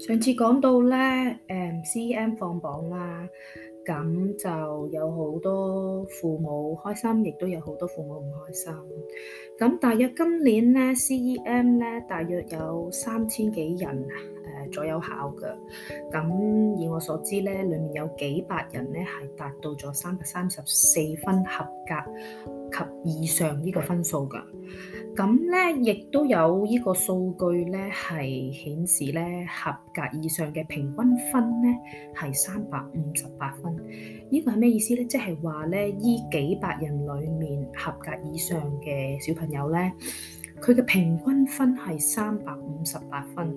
上次講到咧，誒 CEM 放榜啦，咁就有好多父母開心，亦都有好多父母唔開心。咁大約今年咧，CEM 咧大約有三千幾人誒左右考嘅。咁以我所知咧，裡面有幾百人咧係達到咗三百三十四分合格及以上呢個分數㗎，咁咧亦都有呢個數據咧，係顯示咧合格以上嘅平均分咧係三百五十八分。呢個係咩意思咧？即係話咧，依幾百人裡面合格以上嘅小朋友咧，佢嘅平均分係三百五十八分，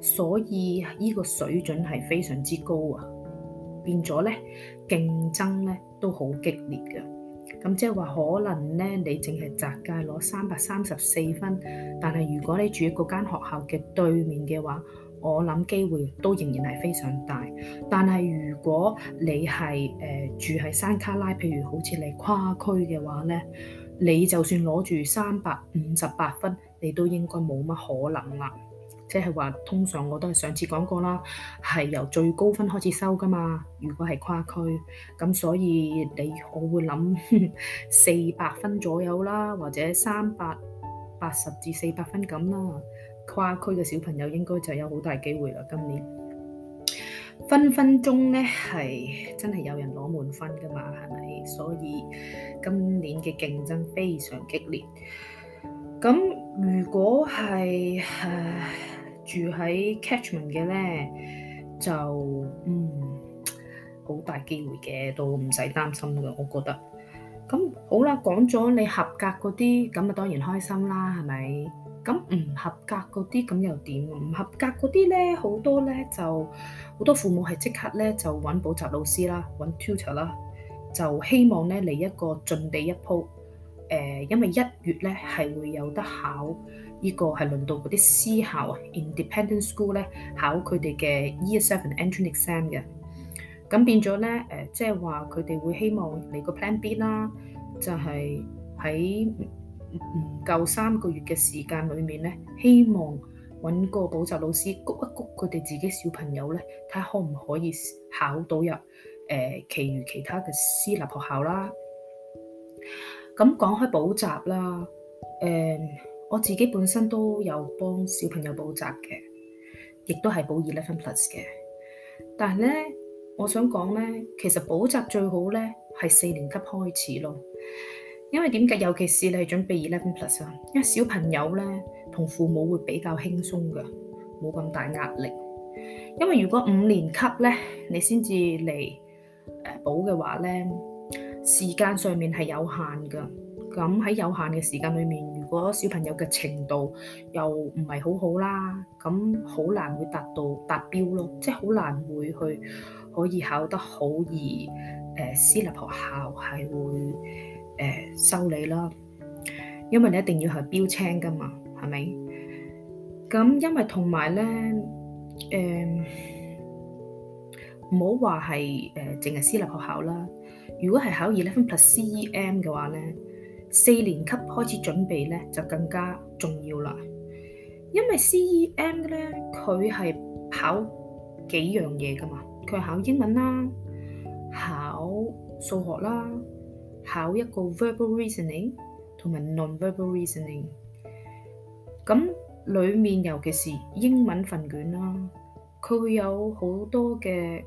所以呢個水準係非常之高啊，變咗咧競爭咧都好激烈嘅。咁即係話可能咧，你淨係擇介攞三百三十四分，但係如果你住喺嗰間學校嘅對面嘅話，我諗機會都仍然係非常大。但係如果你係誒、呃、住喺山卡拉，譬如好似你跨區嘅話咧，你就算攞住三百五十八分，你都應該冇乜可能啦。即係話，通常我都係上次講過啦，係由最高分開始收噶嘛。如果係跨區，咁所以你我會諗四百分左右啦，或者三百八十至四百分咁啦。跨區嘅小朋友應該就有好大機會啦。今年分分鐘呢係真係有人攞滿分噶嘛，係咪？所以今年嘅競爭非常激烈。咁如果係誒，住喺 Catchment 嘅咧，就嗯好大機會嘅，都唔使擔心嘅，我覺得。咁好啦，講咗你合格嗰啲，咁啊當然開心啦，係咪？咁唔合格嗰啲，咁又點？唔合格嗰啲咧，好多咧就好多父母係即刻咧就揾補習老師啦，揾 tutor 啦，就希望咧嚟一個盡地一鋪。誒，因為一月咧係會有得考。呢個係輪到嗰啲私校啊，independent school 咧，考佢哋嘅 Year Seven Entrance Exam 嘅。咁變咗咧，誒即係話佢哋會希望嚟個 plan B 啦，就係喺唔夠三個月嘅時間裏面咧，希望搵個補習老師，谷一谷佢哋自己小朋友咧，睇下可唔可以考到入誒，其餘其他嘅私立學校啦。咁講開補習啦，誒。我自己本身都有幫小朋友補習嘅，亦都係補11 Plus 嘅。但係咧，我想講咧，其實補習最好咧係四年級開始咯。因為點解？尤其是你係準備11 Plus 啊，因為小朋友咧同父母會比較輕鬆嘅，冇咁大壓力。因為如果五年級咧，你先至嚟誒補嘅話咧，時間上面係有限㗎。咁喺有限嘅時間裏面，如果小朋友嘅程度又唔係好好啦，咁好難會達到達標咯，即係好難會去可以考得好易。誒、呃、私立學校係會誒收你啦，因為你一定要係標青㗎嘛，係咪？咁因為同埋咧誒，唔好話係誒，淨、呃、係、呃、私立學校啦。如果係考 Eleven Plus CEM 嘅話咧。四年級開始準備咧，就更加重要啦。因為 CEM 咧，佢係考幾樣嘢噶嘛，佢係考英文啦，考數學啦，考一個 verbal reasoning 同埋 non-verbal reasoning。咁裡面尤其是英文份卷啦，佢會有好多嘅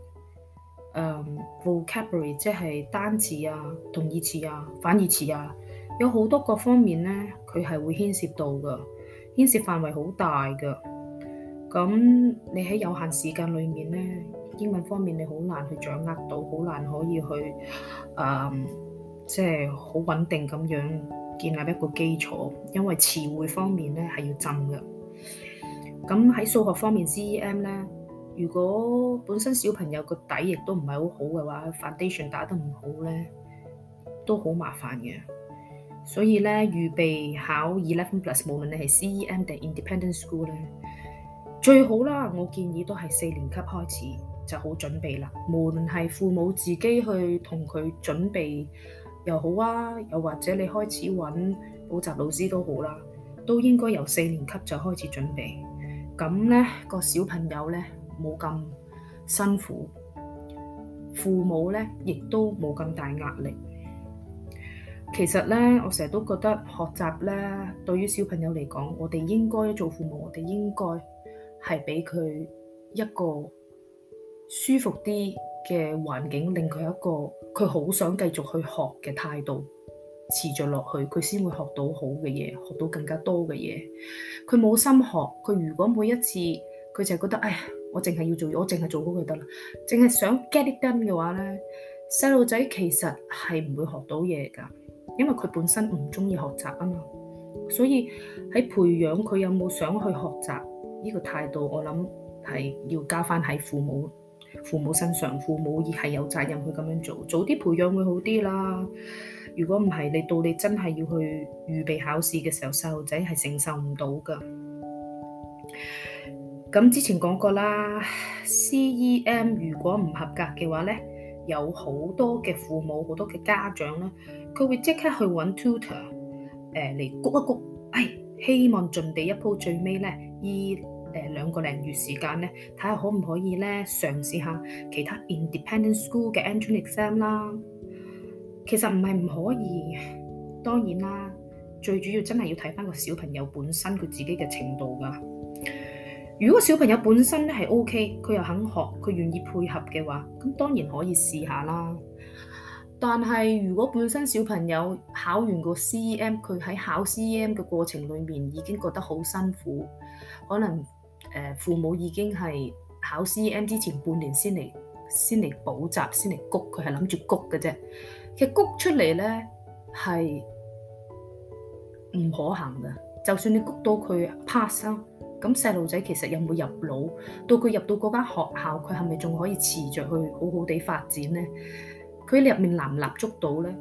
誒 vocabulary，即係單詞啊、同義詞啊、反義詞啊。有好多各方面咧，佢係會牽涉到噶，牽涉範圍好大噶。咁你喺有限時間裏面咧，英文方面你好難去掌握到，好難可以去誒，即係好穩定咁樣建立一個基礎，因為詞彙方面咧係要浸噶。咁喺數學方面，CEM 咧，如果本身小朋友個底亦都唔係好好嘅話，foundation 打得唔好咧，都好麻煩嘅。所以咧，預備考 eleven plus，無論你係 CEM 定 Independent School 咧，最好啦，我建議都係四年級開始就好準備啦。無論係父母自己去同佢準備又好啊，又或者你開始揾補習老師都好啦，都應該由四年級就開始準備。咁咧，個小朋友咧冇咁辛苦，父母咧亦都冇咁大壓力。其實咧，我成日都覺得學習咧，對於小朋友嚟講，我哋應該做父母，我哋應該係俾佢一個舒服啲嘅環境，令佢一個佢好想繼續去學嘅態度持續落去，佢先會學到好嘅嘢，學到更加多嘅嘢。佢冇心學，佢如果每一次佢就係覺得，哎呀，我淨係要做，我淨係做好佢得啦，淨係想 get it done 嘅話咧，細路仔其實係唔會學到嘢㗎。因為佢本身唔中意學習啊嘛，所以喺培養佢有冇想去學習呢個態度，我諗係要加翻喺父母父母身上，父母亦係有責任去咁樣做，早啲培養會好啲啦。如果唔係，你到你真係要去預備考試嘅時候，細路仔係承受唔到噶。咁之前講過啦，CEM 如果唔合格嘅話咧，有好多嘅父母，好多嘅家長咧。佢會即刻去揾 tutor，誒、呃、嚟谷一谷，唉、哎，希望盡地一鋪，最尾咧，依兩個零月時間咧，睇下可唔可以咧，嘗試下其他 independent school 嘅 entrance exam 啦。其實唔係唔可以，當然啦，最主要真係要睇返個小朋友本身佢自己嘅程度㗎。如果小朋友本身咧係 OK，佢又肯學，佢願意配合嘅話，咁當然可以試下啦。但係，如果本身小朋友考完個 CEM，佢喺考 CEM 嘅過程裡面已經覺得好辛苦，可能誒、呃、父母已經係考 CEM 之前半年先嚟先嚟補習，先嚟谷，佢係諗住谷嘅啫。其實谷出嚟呢係唔可行嘅。就算你谷到佢 pass，咁細路仔其實有冇入腦？到佢入到嗰間學校，佢係咪仲可以持續去好好地發展呢？你入面難立足到咧，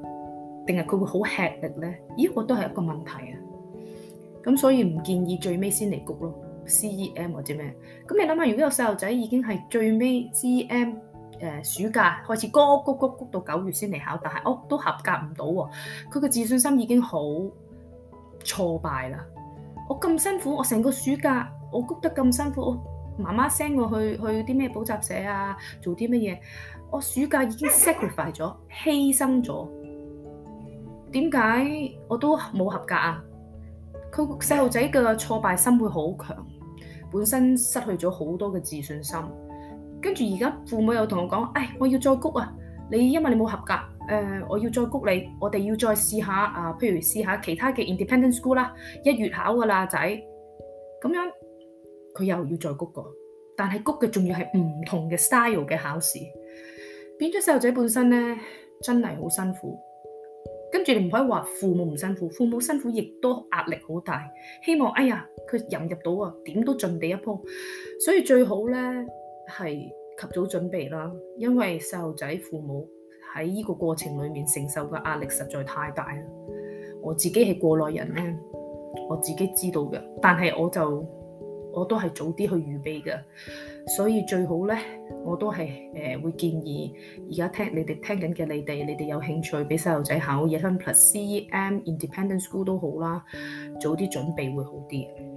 定係佢會好吃力咧？咦，我都係一個問題啊！咁所以唔建議最尾先嚟谷咯，C E M 或者咩？咁你諗下，如果有細路仔已經係最尾 C E M 誒、呃、暑假開始，谷谷谷谷到九月先嚟考，但係哦都合格唔到，佢個自信心已經好挫敗啦！我咁辛苦，我成個暑假我谷得咁辛苦。媽媽 send 我去去啲咩補習社啊，做啲乜嘢？我暑假已經 sacrifice 咗，犧牲咗。點解我都冇合格啊？佢細路仔嘅挫敗心會好強，本身失去咗好多嘅自信心。跟住而家父母又同我講，唉、哎，我要再谷啊！你因為你冇合格，呃，我要再谷你，我哋要再試下啊！譬如試下其他嘅 independent school 啦，一月考㗎啦，仔咁樣。佢又要再谷過，但係谷嘅仲要係唔同嘅 style 嘅考試，變咗細路仔本身呢，真係好辛苦。跟住你唔可以話父母唔辛苦，父母辛苦亦都壓力好大。希望哎呀，佢融入到啊，點都盡地一鋪。所以最好呢，係及早準備啦，因為細路仔父母喺呢個過程裡面承受嘅壓力實在太大啦。我自己係過來人呢，我自己知道嘅，但係我就。我都係早啲去預備嘅，所以最好咧，我都係、呃、會建議而家聽你哋聽緊嘅你哋，你哋有興趣俾細路仔考野生 Plus CEM Independent School 都好啦，早啲準備會好啲。